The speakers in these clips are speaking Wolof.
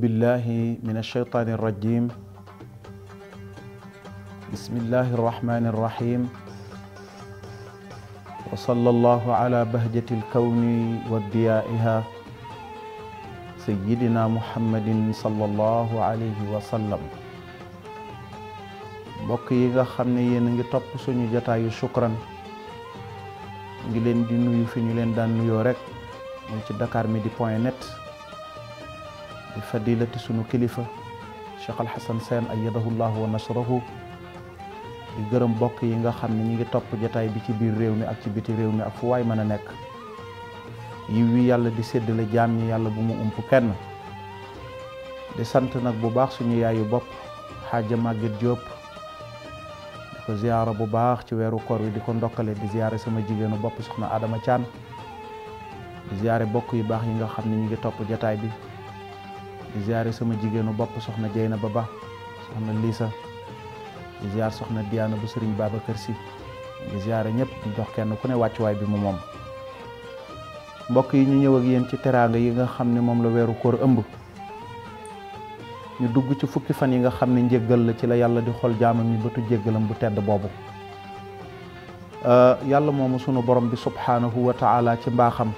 billahi min alshaytaani irrajim bismillahi irrahmani irrahim wa salla allahu ala bahjati alayhi wa sallam yi nga xam ne yéen a ngi topp suñu jataayu shukran ngi leen nuyu fi ñu leen daan nuyoo rek ñu ci dakar midi point net di fadilati sunu kilifa Cheikh Alxasan Seen ayyadahu llahu wa nasrahu di gërëm mbokk yi nga xam ne ñi ngi topp jataay bi ci biir réew mi ak ci biti réew mi ak fu waay mën a nekk yiw wi yàlla di séddale jaam ñi yàlla bu mu ump kenn di sant nag bu baax suñu yaayu bopp xaaja màgget Diop di ko ziyaara bu baax ci weeru koor wi di ko ndokkale di ziyaare sama jigéenu bopp soxna Adama Thian di ziyaare bokk yu baax yi nga xam ne ñu ngi topp jataay bi di sama jigéenu bopp soxna Jeyna ba ba soxna Lisa di ziar soxna Diana bu Serigne Babacar Sy di ziare ñépp di jox kenn ku ne wàccuwaay bi mu moom mbokk yi ñu ñëw ak yéen ci teraanga yi nga xam ne moom la weeru koor ëmb ñu dugg ci fukki fan yi nga xam ne njéggal la ci la yàlla di xool jaamam ñi bëtu jéggalam bu tedd boobu euh, yàlla moomu sunu borom bi subhaanahu wa taala ci mbaaxam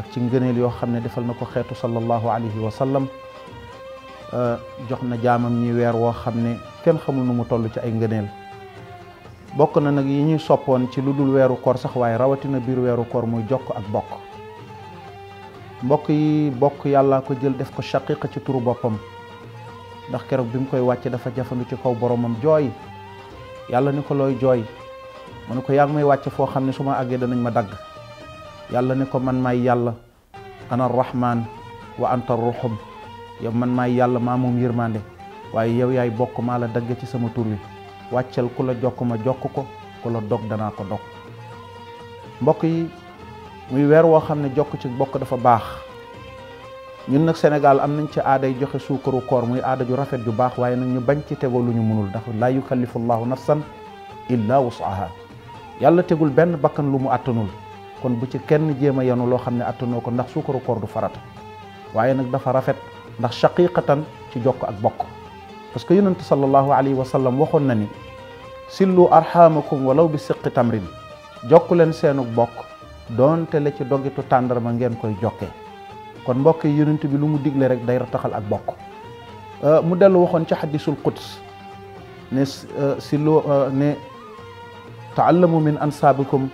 ak ci ngëneel yoo xam ne defal na ko xeetu sallallahu alayhi wa sallam euh, jox na jaamam ñi weer woo xam ne kenn xamul nu mu toll ci ay ngëneel bokk na nag yi ñuy soppoon ci lu dul weeru koor sax waaye rawatina biir weeru koor muy jokk ak bokk mbokk yi bokk yàlla ko jël def ko shaqiqa ci turu boppam ndax keroog bi mu koy wàcce dafa jafandu ci kaw boromam jooy yàlla ni ko looy jooy mu ne ko yaa ngi may wàcce foo xam ne su ma àggee danañ ma dagg yàlla ne ko man maay yàlla ana rahman wa anta ruhum yow man maay yàlla maa moom yërmande waaye yow yaay bokk maa la dagg ci sama tur wi wàccal ku la jokk ma jokk ko ku la dog danaa ko dog mbokk yi muy weer woo xam ne jokk ci bokk dafa baax ñun nag Sénégal am nañ ci aaday joxe suukaru koor muy aada ju rafet ju baax waaye nag ñu bañ ci tegoo lu ñu mënul ndax laa yukallifu llahu nafsan illa wusaha yàlla tegul benn bakkan lu mu àttanul kon bu ci kenn jéem a yenu loo xam ne attanoo ko ndax suukaru koor du farata waaye nag dafa rafet ndax shaqiqatan ci jokk ak bokk parce que yonent sallallahu alayhi wa sallam waxoon na ni sillu walla walaw bi siqi tamrin jokk leen seenuk bokk doonte la ci dogitu tàndarma ngeen koy jokkee kon mbokk yi bi lu mu digle rek day rataxal ak bokk euh, mu dellu waxoon ci xadisul quds ne euh, sillu euh, ne taallamu min ansaabikum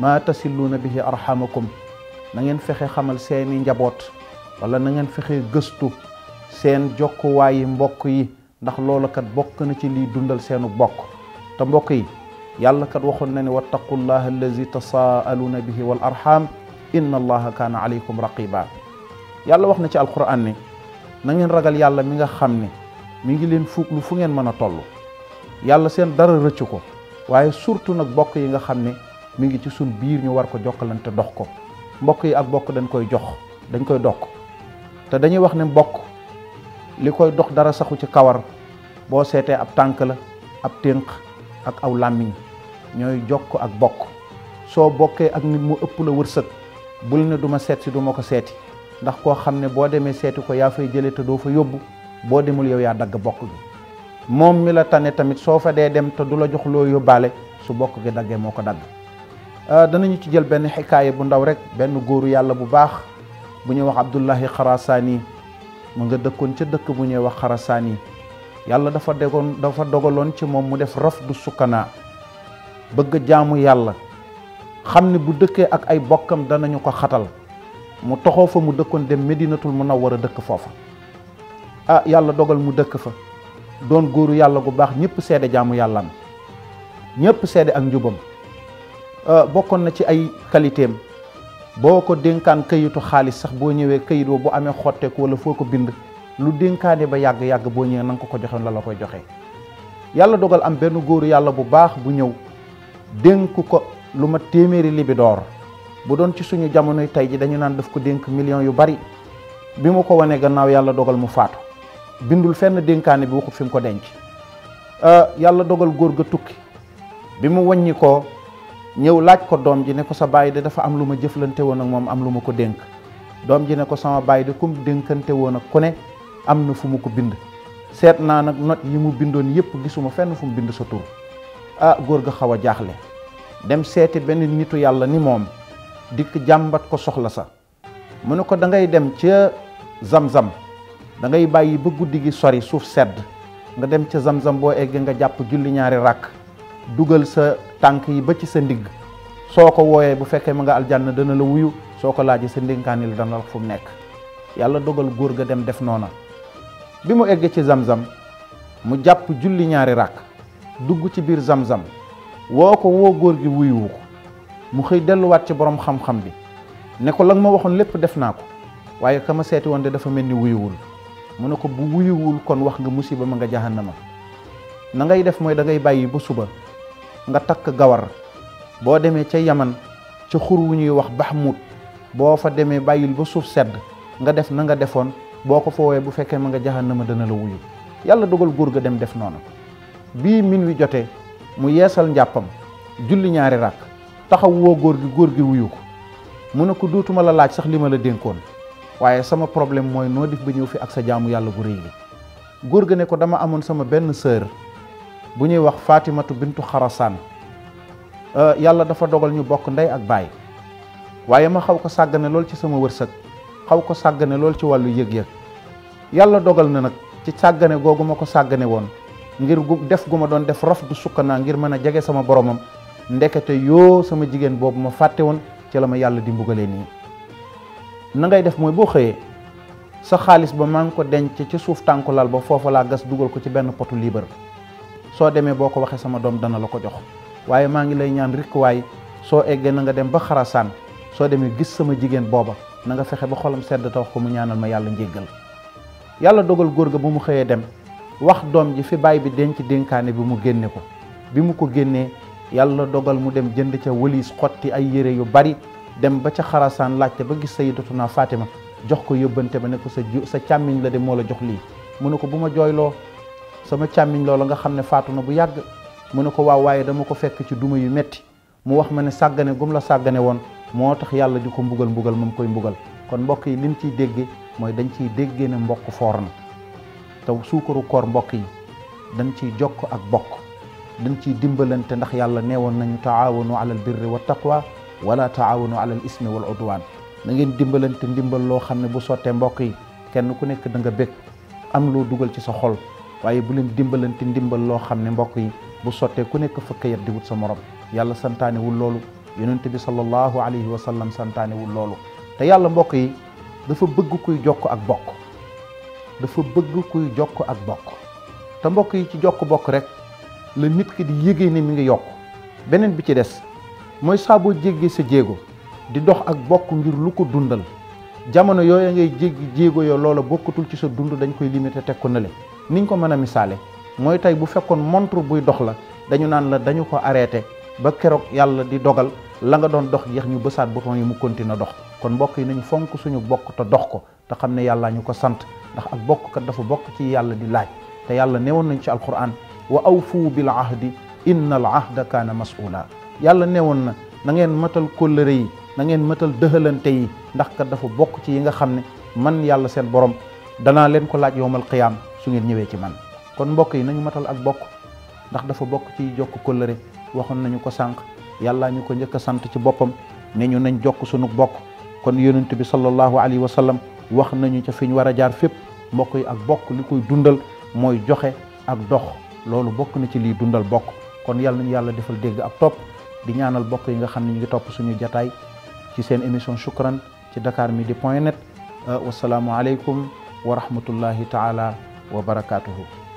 maa tasilluuna bihi arhamakum na ngeen fexe xamal seeni njaboot wala na ngeen fexe gëstu seen jokkuwaayi mbokk yi ndax loolu bokk na ci liy dundal seenu bokk te mbokk yi yàlla kat waxoon na ne wattaqullaha allazi tasaaluuna bihi wal arham inna allaha kaana alaykum raqiba yàlla wax na ci alquran ne na ngeen ragal yàlla mi nga xam ne mi ngi leen fuuglu fu ngeen mën a toll yàlla seen dara rëcc ko waaye surtout nag bokk yi nga xam ni mi ngi ci sun biir ñu war ko jokkalante dox ko mbokk yi ak bokk dañ koy jox dañ koy dokk te dañuy wax ne mbokk li koy dox dara saxu ci kawar boo seetee ab tànk la ab ténq ak aw làmmiñ ñooy jokk ak mbokk soo bokkee ak nit mu ëpp la wërsëg bul ne duma ma seet si du ko seeti ndax koo xam ne boo demee seeti ko yaa fay jëlee te doo fa yóbbu boo demul yow yaa dagg bokk gi moom mi la tane tamit soo fa dee dem te du la jox loo yóbbaale su bokk gi daggee moo ko dagg Euh, danañu ci jël benn xikaaya bu ndaw rek benn góoru yàlla bu baax bu ñuy wax Abdullahi Xarasaani mu nga dëkkoon ca dëkk bu ñuy wax Xarasaani yàlla dafa degoon dafa dogaloon ci moom mu def raf du sukkanaa bëgg jaamu yàlla xam ne bu dëkkee ak ay bokkam danañu ko xatal mu toxoo fa mu dëkkoon dem Medinatul a dëkk foofa a ah, yàlla dogal mu dëkk fa doon góoru yàlla bu baax ñëpp seede jaamu yàllaam ñëpp seede ak njubam Euh, bokkoon na ci ay qualité boo ko dénkaan kayitu xaalis sax boo ñëwee këyit boo bu amee xotteeku wala foo ko bind lu dénkaane ba yàgg-yàgg boo ñëwee na ko ko joxe la la koy joxe yàlla dogal am benn góor yàlla bu baax bu ñëw dénk ko lu ma téeméeri libidoor bu doon ci suñu jamonoy tey ji dañu naan daf ko dénk millions yu bari bi mu ko wonee gannaaw yàlla dogal mu faatu bindul fenn dénkaane bi waxut fi mu ko denc euh, yàlla dogal góor ga tukki bi mu ñëw laaj ko doom ji ne ko sa baay de dafa am lu ma jëflante woon ak moom am lu ma ko dénk doom ji ne ko sama bàyyi de kum dénkante woon ak ku ne am na fu mu ko bind seet naa nag not yi mu bindoon yépp gisuma fenn fu mu bind sa tur ah góor ga xaw a jaaxle dem seeti benn nitu yàlla ni moom dikk jàmbat ko soxla sa mu ne ko da ngay dem ca zam-zam dangay bàyyi ba guddi gi sori suuf sedd nga dem ca zam-zam boo eggee nga jàpp julli ñaari ràkk dugal sa tànk yi ba ci sa ndigg soo ko wooyee bu fekkee ma nga aljanna dana la wuyu soo ko laajee sa ndénkaanil dana la fu nekk yàlla dogal góor ga dem def noona bi mu eggee ci zam-zam mu jàpp julli ñaari ràkk dugg ci biir samsam woo ko woo góor gi wuyuwu ko mu xëy delluwaat ci borom xam-xam bi ne ko la ma waxoon lépp def naa ko waaye ka ma seeti woon de dafa mel ni wuyuwul mu ne ko bu wuyuwul kon wax nga musiba ma nga jahannama na ngay def mooy da ngay bàyyi ba suba nga takk gawar boo demee ca yaman ca xur wu ñuy wax baxmut boo fa demee bàyyil ba suuf sedd nga def na nga defoon boo ko foowee bu fekkee ma nga jahannama dana la wuyu yàlla dugal góor ga dem def noonu bii min wi jotee mu yeesal njàppam julli ñaari rakk taxaw woo góor gi góor gi wuyu ko mu ne ko dootuma la laaj sax li ma la dénkoon waaye sama problème mooy noo def ba ñëw fi ak sa jaamu yàlla bu rëy bi góor gi ne ko dama amoon sama benn sœur bu ñuy wax faatimatu bintu Xarasaan euh, yàlla dafa dogal ñu bokk ndey ak baay waaye ma xaw ko sàggane lool ci sama wërsëg xaw ko sàggane lool ci wàllu yëg-yëg yàlla dogal na nag ci sàggane googu ma ko sàggane woon ngir gu def gu ma doon def raf du sukkanaa ngir mën a jege sama boromam ndekete yoo sama jigéen boobu ma fàtte woon ci la ma yàlla di mbugalee nii na ngay def mooy boo xëyee sa xaalis ba maa ngi ko denc ci suuf tànku lal ba foofa laa gas dugal ko ci benn potu liibar soo demee boo ko waxee sama doom dana la ko jox waaye maa ngi lay ñaan rikk waay soo eggee na nga dem ba xarasaan soo demee gis sama jigéen booba nanga fexe ba xolam sedd ta wax ko mu ñaanal ma yàlla njéggal yàlla dogal góor ga bu mu xëyee dem wax doom ji fi bàyyi bi denc dénkaane bi mu génne ko bi mu ko génnee yàlla dogal mu dem jënd ca wëliis xotti ay yére yu bari dem ba ca xarasaan laajte ba gis sayyidatuna Fatima jox ko yóbbante ba ne ko sa sa càmmiñ la de moo la jox lii ko bu ma jooyloo sama càmmiñ loola nga xam ne faatu na bu yàgg mu ne ko waaw dama ko fekk ci duma yu metti mu wax ma ne sàggane gum la sàggane woon moo tax yàlla di ko mbugal mbugal moom koy mbugal kon mbokk yi liñ ciy dégge mooy dañ ciy déggee ne mbokk foor na te suukaru koor mbokk yi dañ ciy jokk ak bokk dañ ciy dimbalante ndax yàlla nee woon nañu taawanu alal birri wa waa wala taawanu alal ismi wal udwaan na ngeen dimbalante ndimbal loo xam ne bu sottee mbokk yi kenn ku nekk da nga bég am loo dugal ci sa xol waaye bu leen dimbalante ndimbal loo xam ne mbokk yi bu sottee ku nekk fa kayit di wut sa morom yàlla santaanewul loolu yonent bi sallallahu alayhi wa sallam santaanewul loolu te yàlla mbokk yi dafa bëgg kuy jokk ak bokk dafa bëgg kuy jokk ak bokk te mbokk yi ci jokk bokk rek la nit ki di yégee ne mi ngi yokk beneen bi ci des mooy saa boo jéggee sa jéego di dox ak bokk ngir lu ko dundal jamono yooyu ngay jéggi jéego yo loola bokkatul ci sa dund dañ koy limité teg ko niñ ko mën a misaale mooy tey bu fekkoon montre buy dox la dañu naan la dañu ko arrêté ba keroog yàlla di dogal la nga doon dox jeex ñu bësaat bouton yi mu continue dox kon mbokk yi nañu fonk suñu bokk te dox ko te xam ne yàllaa ñu ko sant ndax ak bokk kat dafa bokk ci yàlla di laaj te yàlla woon nañ ci alquran wa aw bil ahdi inna al ahda kaana mas'ula yàlla newoon na na ngeen matal kóllëre yi na ngeen matal dëxalante yi ndax kat dafa bokk ci yi nga xam ne man yàlla seen borom danaa leen ko laaj yowmal su ngeen ñëwee ci man kon mbokk yi nañu matal ak bokk ndax dafa bokk ci jokk kóllëre waxoon nañu ko sànq yàllaa ñu ko njëkk a sant ci boppam ne ñu nañ jokk sunu bokk kon yonent bi sallallahu alayhi wa sallam wax nañu ca fi war a jaar fépp mbokk yi ak bokk li koy dundal mooy joxe ak dox loolu bokk na ci lii dundal bokk kon yàlla nañu yàlla defal dégg ak topp di ñaanal bokk yi nga xam ne ñu ngi topp suñu jataay ci seen émission shukran ci dakar midi point net euh, wasalaamualeykum wa rahmatullahi taala wa barakaatuhu